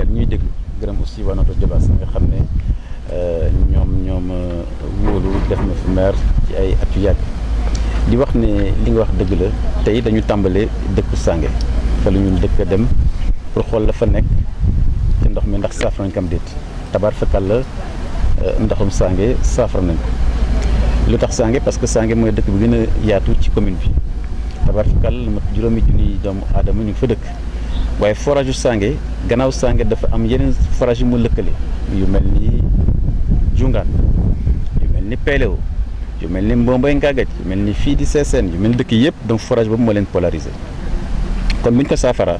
Sénégal ñuy déglu gërëm aussi waa Notto Diobass nga xam ne euh, ñoom ñoom wóolu euh, def ma fi maire ci ay at yu yàgg di wax ne li nga wax dëgg la tey dañu tàmbale dëkku sànge fa la ñu dëkk dem pour xool la fa nekk te ndox mi ndax saafara nañ kam déet tabaar fakal la euh, ndoxum sànge saafara nañ lu tax sànge parce que sànge mooy dëkk bi gën a yaatu ci commune bi tabaar fakal mat juróomi junniy doomu aadama ñu fa dëkk waaye forage yu Sange gannaaw Sange dafa am yeneen forage yu mu lëkkale yu mel ni Jungaan yu mel ni Peleo yu mel ni Mbombay Ngagaj yu mel ni fii di Sessène yu mel ni dëkk yëpp donc forage boobu moo leen polarisé kon buñ ko saafara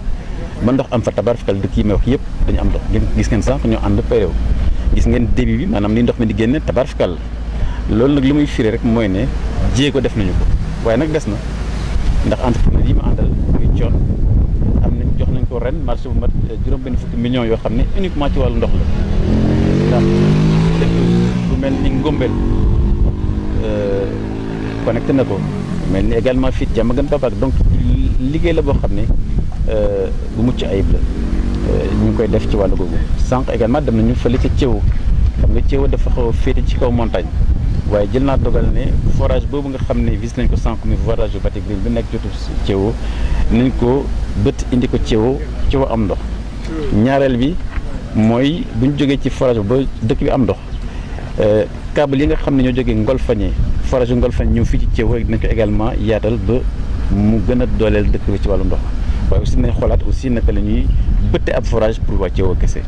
man ndox am fa tabar fakal dëkk yi may wax yëpp dañu am ndox gis ngeen sànq ñoo ànd Peleo gis ngeen début bi maanaam li ndox mi di génne tabar fakal loolu nag li muy firi rek mooy ne ko def nañu ko waaye nag des na ndax entrepreneur yi ma ko ren marché bu mat eh, juróom-benn fukki millions yoo xam ne uniquement ci wàllu ndox la ndax mel ni Ngombel eh, connecté na ko mel ni également fii Diamaguène Papaak donc liggéey la boo xam ne eh, bu mucc ayib la ñu ngi koy def ci wàllu googu sànq également dem nañu fële ca Thiéwo xam nga Thiéwo dafa xaw a féete ci kaw montagne waaye jël naa dogal ne forage boobu nga xam ne visité nañ ko sànq mi forage bu Batigri bi nekk jotu Thiéwo nañ ko bët indi ko cewo cewo am ndox ñaareel bi mooy bu ñu jógee ci forage ba dëkk bi am ndox euh, câble yi nga xam ne ñoo jógee Ngolfane forage Ngolfane ñëw fii ci cewo rek dinañ ko également yaatal ba mu gën a dooleel dëkk bi ci wàllu ndox waaye aussi nañ xoolaat aussi naka la ñuy bëtte ab forage pour waa cewo kese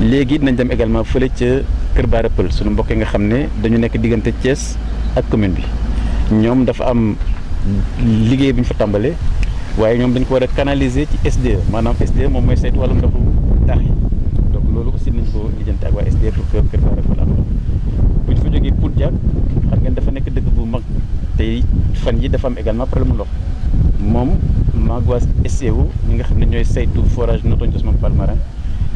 léegi dinañ dem également fële ca Kër Baara Pël suñu mbokk yi nga xam ne dañu nekk diggante Thiès ak commune bi ñoom dafa am liggéey bu ñu fa tàmbalee waaye ñoom dañ ko war a canaliser ci SDE maanaam SDE moom mooy saytu wàllum ndoxu taax yi donc loolu aussi nañ ko lijjanti ak waa SDE pour que Kër Baara Fall am bu ngeen dafa nekk dëkk bu mag tey fan yi dafa am également problème ndox moom maag waa SCO e ñi nga xam ne ñooy saytu forage Notto Ousmane Fall Marin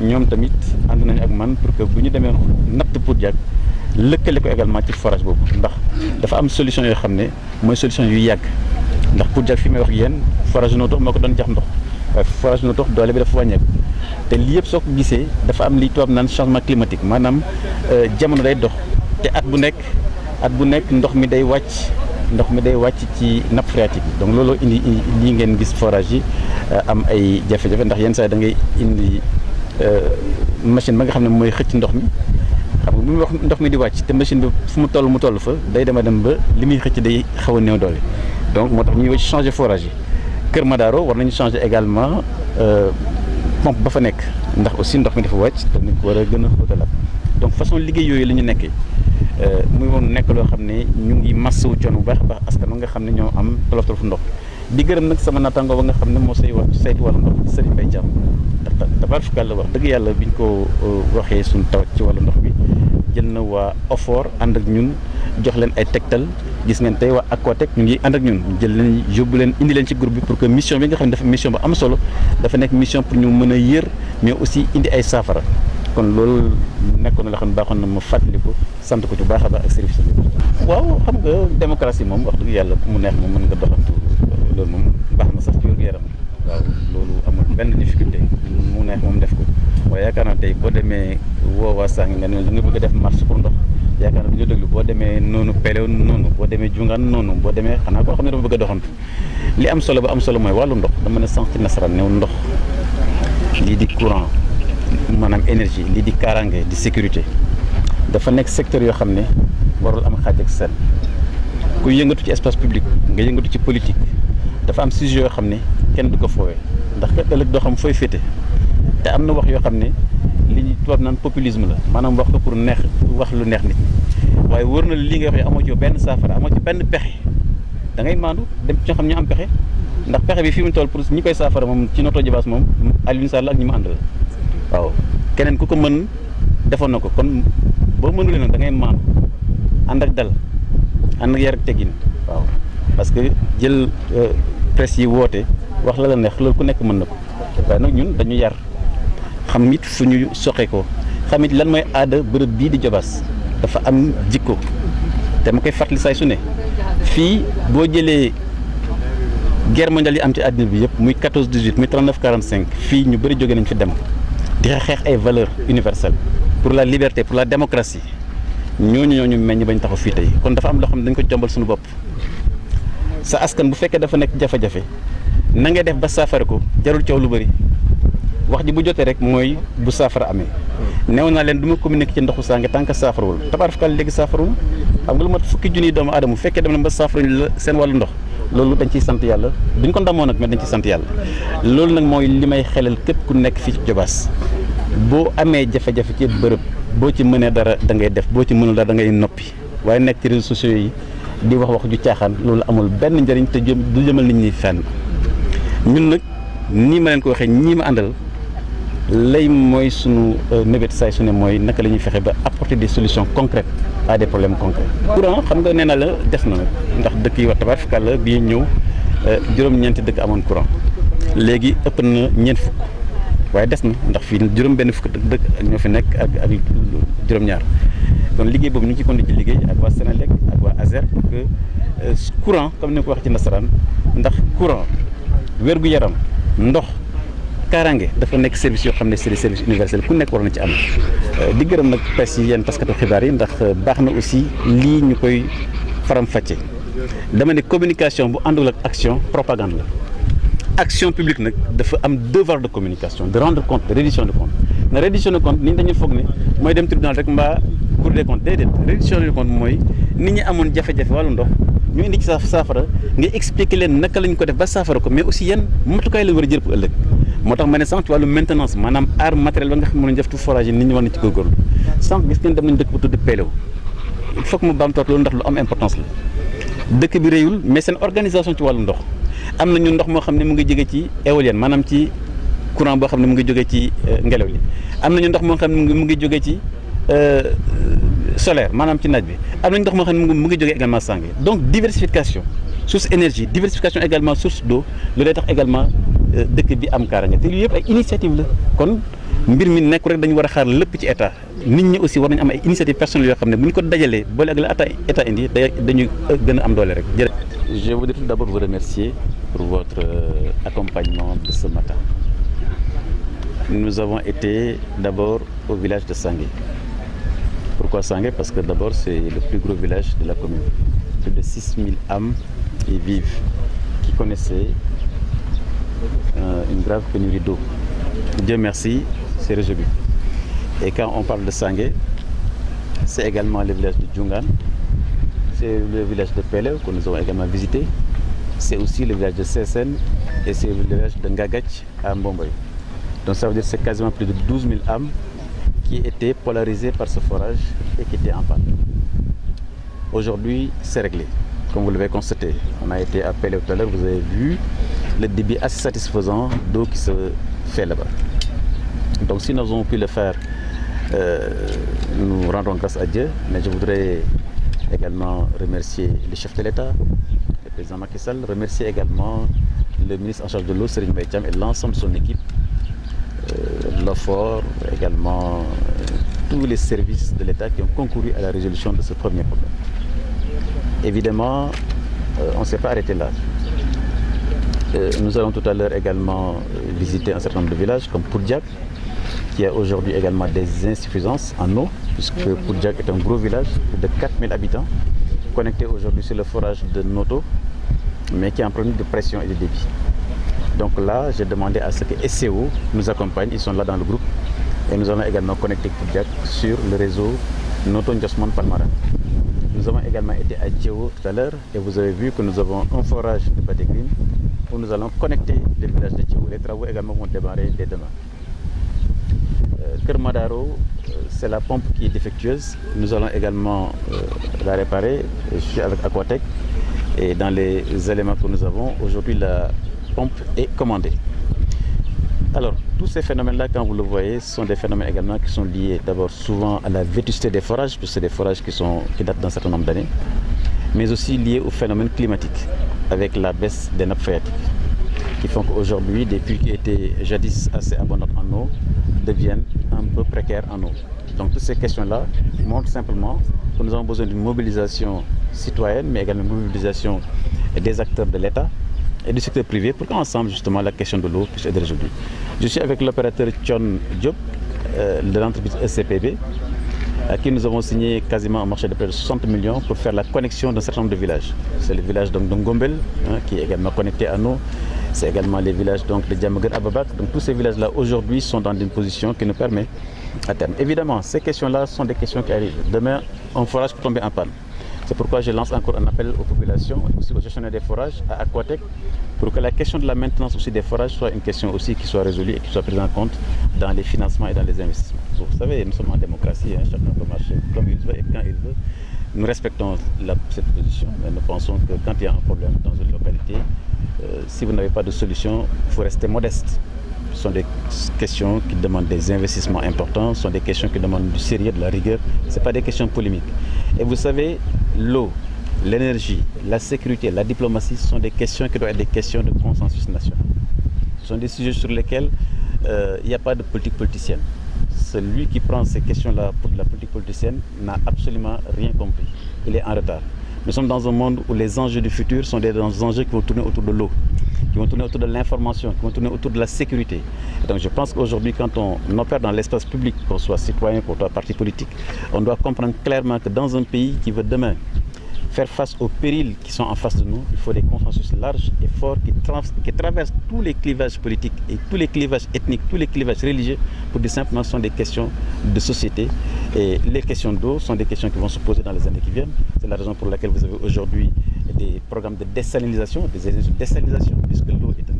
ñoom tamit ànd nañu ak man pour que bu ñu demee natt pour Diack lëkkale ko également ci forage boobu ndax dafa am solution yoo xam ne mooy solution yu yàgg ndax pour jag fi may wax yéen forage Notto moo ko doon jax ndox waaye forage Notto doole bi dafa wàññeeku te lii yëpp soo ko gisee dafa am li tubaab naan changement climatique maanaam euh, jamono day dox te at bu nekk at bu nekk ndox mi day wàcc ndox mi day wàcc ci nappe phréatique bi donc looloo indi lii ngeen gis forage yi euh, am ay jafe-jafe ndax yenn saa da ngay indi euh, machine ba nga xam ne mooy xëcc ndox mi xam nga bu muy wax ndox mi di wàcc te machine bi fu mu toll mu toll fa day dema dem ba li muy xëcc day xaw a néew donc moo tax ñu ñëw changer forage yi Kër Madaro war nañu changer également euh, pompe ba fa nekk ndax aussi ndox mi dafa wàcc te nañ ko war a gën a xóotalaat donc façon liggéey yooyu la ñu nekkee euh, muy woon nekk loo xam ne ñu ngi massawu coono bu baax a baax askan nga xam ne ñoo am tolof tolofu ndox di gërëm nag sama naataango ba nga xam ne moo say wax saytu wàllu ndox Serigne Mbaye Thiam tabaarkalla wax dëgg yàlla ñu ko euh, waxee suñu taw ci wàllu ndox bi jël na waa OFOR ànd ak ñun jox leen ay tegtal gis ngeen tey waa Aquatech ñu ngi ànd ak ñun jël leen yóbbu leen indi leen ci groupe bi pour que mission bi nga xam ne dafa mission bu am solo dafa nekk mission pour ñu mën a yër mais aussi indi ay saafara kon loolu nekkoon la xam ne baaxoon na ma fàttali ko sant ko ci baax a baax ak service bi waaw xam nga démocratie moom wax dëgg yàlla mu neex moom mën nga doxantu loolu moom baax na sax ci wér-gu-yaram waaw loolu amul benn difficulté mu neex moom def ko waaye yaakaar naa tey boo demee woowaa saa ngi nga ne la nga bëgg a def marche pour ndox yaakaar na bu ñu déglu boo demee noonu pelew noonu boo demee jungaan noonu boo demee xanaa koo xam ne dafa bëgg a doxantu li am solo ba am solo mooy wàllu ndox dama ne sànq ci nasaraan new ndox lii di courant maanaam énergie lii di kaaraange di sécurité dafa nekk secteur yoo xam ne warul am xaaj ak seen ku yëngatu ci espace publique nga yëngatu ci politique dafa am sujet yoo xam ne kenn du ko foowee ndax kat ëllëg doo xam fooy féete te am na wax yoo xam ne li ñu tubaab naan populisme la maanaam wax ko pour neex wax lu neex nit waaye wër na li nga waxee amoo ci benn saafara amoo ci benn pexe da ngay maandu dem ci xam ñu am pexe ndax pexe bi fi mu toll pour ñi koy saafara moom ci noto jabaas moom Alioune Sall ak ñi mu àndal waaw keneen ku ko mën defoon na ko kon boo mënulee nag da ngay maandu ànd ak dal ànd ak yar ak teggin waaw parce que jël euh, presse yi woote wax la la neex loolu ku nekk mën na ko waaye nag ñun dañu yar xam it fu ñu soxe ko xam it lan mooy aada bërëb bii di Jobaas dafa am jikko te ma koy fàttali saay su ne fii boo jëlee guerre mondiale yi am ci àddina bi yëpp muy 14 18 muy 39 45 fii ñu bëri jóge nañ fi dem di xeex ay valeurs universelles pour la liberté pour la démocratie ñooñu ñooñu meññ bañ taxaw fii tey kon dafa am loo dañ ko jombal suñu bopp sa askan bu fekkee dafa nekk jafe-jafe na ngay def ba saafara ko jarul coow lu bëri. wax ji bu jotee rek mooy bu saafara amee neew naa leen du ma communiquer ci ndoxu sànge tant que saafarawul tabaarkalla léegi saafarawul xam nga lu mat fukki junniy doomu aadama bu fekkee dem na ba saafaruñu la seen wàllu ndox loolu dañ ciy sant yàlla duñ ko ndamoo nag mais dañ ciy sant loolu nag mooy li may xelal képp ku nekk fii ci Jobaas boo amee jafe-jafe ci bërëb boo ci mënee dara da ngay def boo ci mënul dara da ngay noppi waaye nekk ci réseaux sociaux yi di wax wax ju caaxaan loolu amul benn njëriñ te du jëmal nit ñi fenn ñun nag nii ma ko waxee ñii ma àndal lay mooy sunu euh, mébét saay su ne mooy naka la ñuy fexe ba apporter des solution concrètes à des problèmes concrets. courant xam nga nee na la des na ndax dëkk yi war tabaarkalla la bii ñëw euh, juróom-ñeenti dëkk amoon courant léegi ëpp na ñeent fukk waaye des na ndax fii juróom-benn fukk dëkk ñoo fi nekk ak ak juróom-ñaar kon liggéey boobu ñu ci continué ci liggéey ak waa Sénélec ak waa ASER pour euh, courant comme ni ma ko waxee ci nasaraan ndax courant wér gu yaram ndox. kaaraange dafa nekk service yoo xam ne c'est des services universels ku nekk war na ci am euh, di gërëm nag presse yi yéen taskatu xibaar yi ndax euh, baax na aussi lii ñu koy faram-fàcce dama ne communication bu àndul ak action propagande la action publique nag dafa am devoir de communication de rendre compte de reddition de compte na reddition de compte nit ñi dañuy foog ne mooy dem tribunal rek mbaa cour des comptes déedéet reddition de compte mooy nit ñi amoon jafe-jafe wàllu ndox ñu indi saafara nga expliquer leen naka lañ ko def ba saafara ko mais aussi yan matukaay la war jël pour moo tax ma ne sànq ci wàllu maintenance maanaam aar matériel ba nga xam ne def tu forage yi nit ñi war nañ ci góorgóorlu sànq gis ngeen dem nañ dëkk bu tudd Pélew il faut que mu loolu ndax lu am importance la dëkk bi réyul mais seen organisation ci wàllu ndox am nañu ndox moo xam ne mu ngi jóge ci éolienne maanaam ci courant boo xam ne mu ngi jóge ci euh, ngelaw li am nañu ndox moo xam ne mu ngi jóge ci euh, solaire maanaam ci naaj bi am nañu ndox moo xam ne mu ngi jóge également sàng donc diversification source énergie diversification également source d'eau lu day tax également dëkk bi am kaaraange te lii yëpp ay initiative la kon mbir mi nekku rek dañu war a xaar lépp ci état nit ñi aussi war nañu am ay initiative personnelles yoo xam ne bu ñu ko dajalee boole ak la ata état indi dañu gën a am doole rek je voudrais tout d'abord vous remercier pour votre euh, accompagnement de ce matin nous avons été d'abord au village de Sangué pourquoi Sangué parce que d'abord c'est le plus gros village de la commune plus de 6000 âmes y vivent Euh, une grave merci, c'est résolu. Et quand on parle de Sangé, c'est également le village de Djungan, c'est le village de Pelew que nous avons également visité, c'est aussi le village de Sesen et c'est le village de Ngagach à Mbomboy. Donc ça veut dire c'est quasiment plus de âmes qui étaient polarisées par ce forage et qui étaient en panne. Aujourd'hui, c'est réglé. Comme vous l'avez constaté, on a été appelé tout à vous avez vu, le débit assez satisfaisant d'eau qui se fait là-bas. Donc si nous avons pu le faire, euh, nous rendons grâce à Dieu, mais je voudrais également remercier le chef de l'État, le président Macky Sall, remercier également le ministre en charge de l'eau, Serine Baïtiam, et l'ensemble de son équipe, euh, l'OFOR, également euh, tous les services de l'État qui ont concouru à la résolution de ce premier problème. Évidemment, euh, on ne s'est pas arrêté là. Euh, nous allons tout à l'heure également euh, visiter un certain nombre de villages comme qui a aujourd'hui également des insuffisances en eau, puisque Poudjak est un gros village de 4000 habitants, connecté aujourd'hui sur le forage de Noto, mais qui a un problème de pression et de débit. Donc là, j'ai demandé à ce que SCO nous accompagne, ils sont là dans le groupe, et nous allons également connecter Poudjak sur le réseau Noto Ndiosman Palmarin. Nous avons également où nous allons connecter les villages de Thiou. Les travaux également vont démarrer dès demain. Euh, Kermadaro, euh, c'est la pompe qui est défectueuse. Nous allons également euh, la réparer. Je euh, suis avec Aquatec. Et dans les éléments que nous avons, aujourd'hui, la pompe est commandée. Alors, tous ces phénomènes-là, quand vous le voyez, sont des phénomènes également qui sont liés d'abord souvent à la vétusté des forages, puisque c'est des forages qui, sont, qui datent d'un certain nombre d'années, mais aussi liés au phénomène climatique. avec la baisse des nappes phréatiques, qui font qu'aujourd'hui, des puits qui étaient jadis assez en eau deviennent un peu précaires en eau. Donc toutes ces questions-là montrent simplement que nous avons besoin d'une mobilisation citoyenne, mais également des acteurs de l'État et du secteur privé pour qu'ensemble, justement, la question de l'eau puisse être résolue. Je suis avec l'opérateur John Diop euh, de l'entreprise ECPB à euh, qui nous avons signé quasiment un marché de près de millions pour faire la connexion d'un certain nombre de villages. C'est le village de Ngombel, qui est également connecté à nous. C'est également les villages de Djamagan Ababak. tous ces villages-là aujourd'hui sont dans une position qui nous permet à terme. Évidemment, ces questions-là sont des questions qui arrivent. Demain, un forage peut tomber en panne. C'est pourquoi je lance encore un appel aux populations, vous savez, nous sommes en démocratie, hein, chacun peut marcher comme il veut et quand il veut. Nous respectons cette position, nous pensons que quand il y dans une localité, euh, si vous n'avez pas de solution, il faut rester modeste. Ce sont des questions qui demandent des investissements importants, ce sont des questions qui demandent du sérieux, de la rigueur, ce sont pas des questions polémiques. Et vous savez, l'eau, l'énergie, la sécurité, la diplomatie, ce sont des questions qui doivent être des questions de consensus national. Ce sont des sujets euh, a celui qui prend ces questions-là pour la politique politicienne n'a absolument rien compris. Il est en retard. Nous sommes dans un monde où les enjeux du futur sont des enjeux qui vont tourner autour de l'eau, qui vont tourner autour de l'information, qui vont tourner autour de la sécurité. donc je pense qu'aujourd'hui, quand on opère dans l'espace public, qu'on soit citoyen, qu'on soit parti politique, on doit comprendre clairement que dans un pays qui veut Faire face aux périls qui sont en face de nous, il faut des consensus larges et forts qui, traversent tous les clivages politiques et tous les clivages ethniques, tous les clivages religieux, pour dire simplement sont des questions de société. Et les questions d'eau sont des questions qui vont se poser dans les années qui viennent. C'est la raison pour laquelle vous avez aujourd'hui des programmes de désalinisation, de désalinisation, puisque l'eau est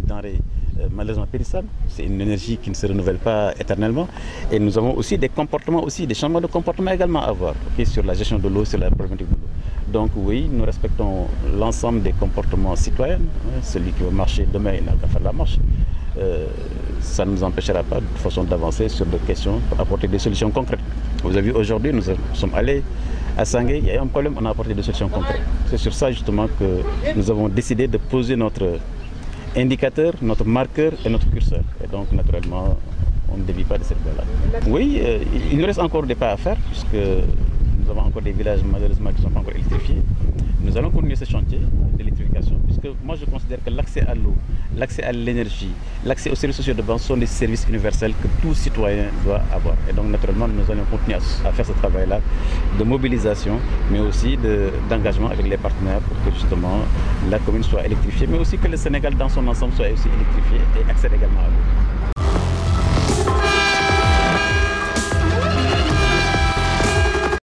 Donc oui, nous respectons l'ensemble des comportements citoyens. Celui qui veut marcher demain, il n'a qu'à faire la marche. Euh, ça ne nous empêchera pas de façon d'avancer sur des questions, pour apporter des solutions concrètes. Vous avez vu aujourd'hui, nous sommes allés à Sangé, il y a eu un problème, on a apporté des solutions concrètes. C'est sur ça justement que nous avons décidé de poser notre indicateur, notre marqueur et notre curseur. Et donc naturellement, on ne dévie pas de cette voie-là. Oui, euh, il nous reste encore des pas à faire puisque nous avons encore des villages malheureusement qui ne sont pas encore électrifiés. Nous allons continuer ce chantier d'électrification puisque je considère que l'accès à l'eau, l'accès à l'énergie, l'accès aux services sociaux de base sont des services universels que tout citoyen doit avoir. nous allons continuer à, faire ce travail-là de mobilisation mais aussi d'engagement avec les partenaires pour que justement la commune soit électrifiée mais aussi que le Sénégal dans